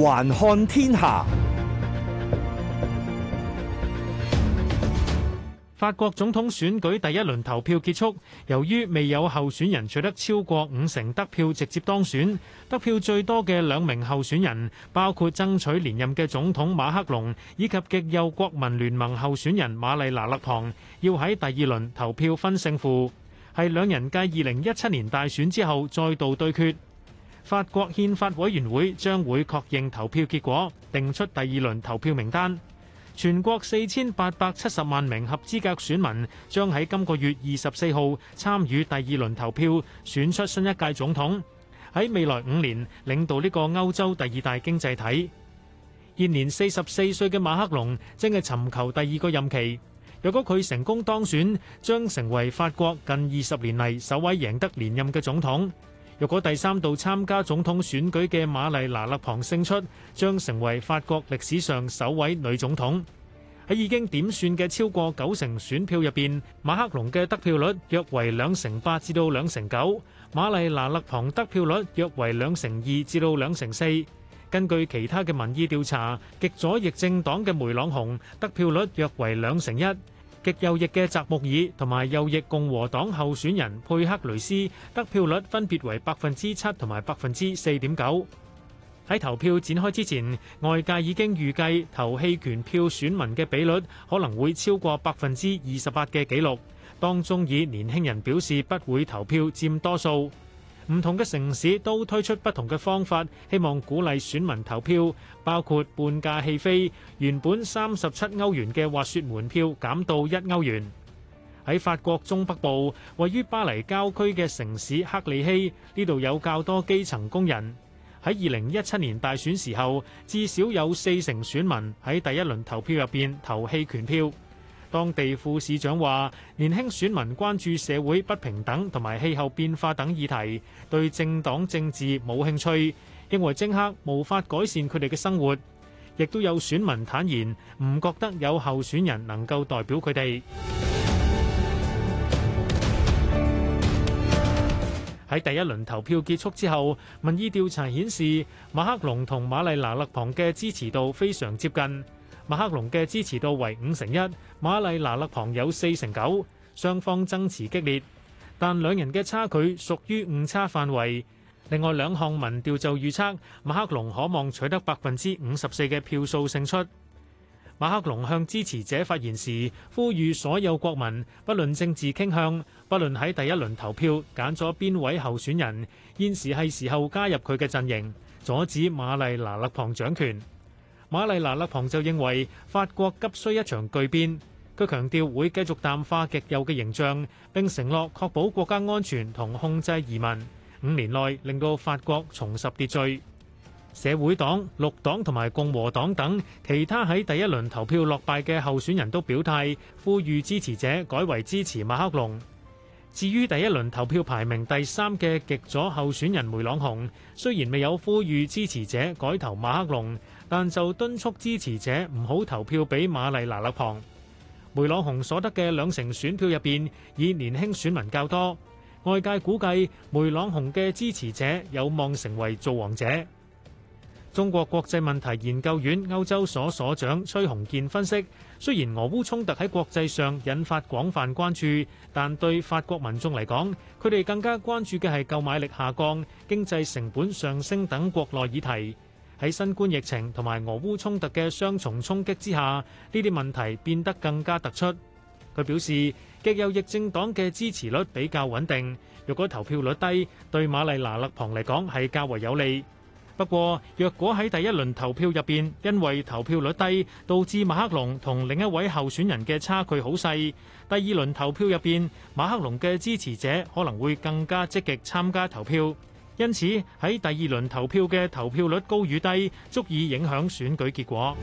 環看天下。法國總統選舉第一輪投票結束，由於未有候選人取得超過五成得票直接當選，得票最多嘅兩名候選人，包括爭取連任嘅總統馬克龍以及極右國民聯盟候選人瑪麗娜勒龐，要喺第二輪投票分勝負，係兩人繼二零一七年大選之後再度對決。法國憲法委員會將會確認投票結果，定出第二輪投票名單。全國四千八百七十萬名合資格選民將喺今個月二十四號參與第二輪投票，選出新一屆總統，喺未來五年領導呢個歐洲第二大經濟體。現年四十四歲嘅馬克龍正係尋求第二個任期。若果佢成功當選，將成為法國近二十年嚟首位贏得連任嘅總統。若果第三度參加總統選舉嘅瑪麗娜勒龐勝出，將成為法國歷史上首位女總統。喺已經點算嘅超過九成選票入邊，馬克龍嘅得票率約為兩成八至到兩成九，瑪麗娜勒龐得票率約為兩成二至到兩成四。根據其他嘅民意調查，極左翼政黨嘅梅朗雄得票率約為兩成一。極右翼嘅澤穆爾同埋右翼共和黨候選人佩克雷斯得票率分別為百分之七同埋百分之四點九。喺投票展開之前，外界已經預計投棄權票選民嘅比率可能會超過百分之二十八嘅紀錄，當中以年輕人表示不會投票佔多數。唔同嘅城市都推出不同嘅方法，希望鼓勵選民投票，包括半價戲飛。原本三十七歐元嘅滑雪門票減到一歐元。喺法國中北部，位於巴黎郊區嘅城市克里希呢度有較多基層工人。喺二零一七年大選時候，至少有四成選民喺第一輪投票入邊投棄權票。當地副市長話：年輕選民關注社會不平等同埋氣候變化等議題，對政黨政治冇興趣，認為政客無法改善佢哋嘅生活。亦都有選民坦言唔覺得有候選人能夠代表佢哋。喺第一輪投票結束之後，民意調查顯示馬克龍同瑪麗娜勒龐嘅支持度非常接近。馬克龍嘅支持度為五成一，瑪麗娜勒龐有四成九，雙方爭持激烈，但兩人嘅差距屬於誤差範圍。另外兩項民調就預測馬克龍可望取得百分之五十四嘅票數勝出。馬克龍向支持者發言時，呼籲所有國民，不論政治傾向，不論喺第一輪投票揀咗邊位候選人，現時係時候加入佢嘅陣營，阻止瑪麗娜勒龐掌權。瑪麗娜勒龐就認為法國急需一場巨變，佢強調會繼續淡化極右嘅形象，並承諾確保國家安全同控制移民，五年內令到法國重拾秩序。社會黨、綠黨同埋共和黨等其他喺第一輪投票落敗嘅候選人都表態，呼籲支持者改為支持馬克龍。至於第一輪投票排名第三嘅極左候選人梅朗雄，雖然未有呼籲支持者改投馬克龍，但就敦促支持者唔好投票俾瑪麗娜勒龐。梅朗雄所得嘅兩成選票入邊，以年輕選民較多。外界估計梅朗雄嘅支持者有望成為造王者。中國國際問題研究院歐洲所所長崔紅健分析：雖然俄烏衝突喺國際上引發廣泛關注，但對法國民眾嚟講，佢哋更加關注嘅係購買力下降、經濟成本上升等國內議題。喺新冠疫情同埋俄烏衝突嘅雙重衝擊之下，呢啲問題變得更加突出。佢表示，極右翼政黨嘅支持率比較穩定，若果投票率低，對瑪麗娜勒龐嚟講，係較為有利。不過，若果喺第一輪投票入邊，因為投票率低，導致馬克龍同另一位候選人嘅差距好細，第二輪投票入邊，馬克龍嘅支持者可能會更加積極參加投票，因此喺第二輪投票嘅投票率高與低，足以影響選舉結果。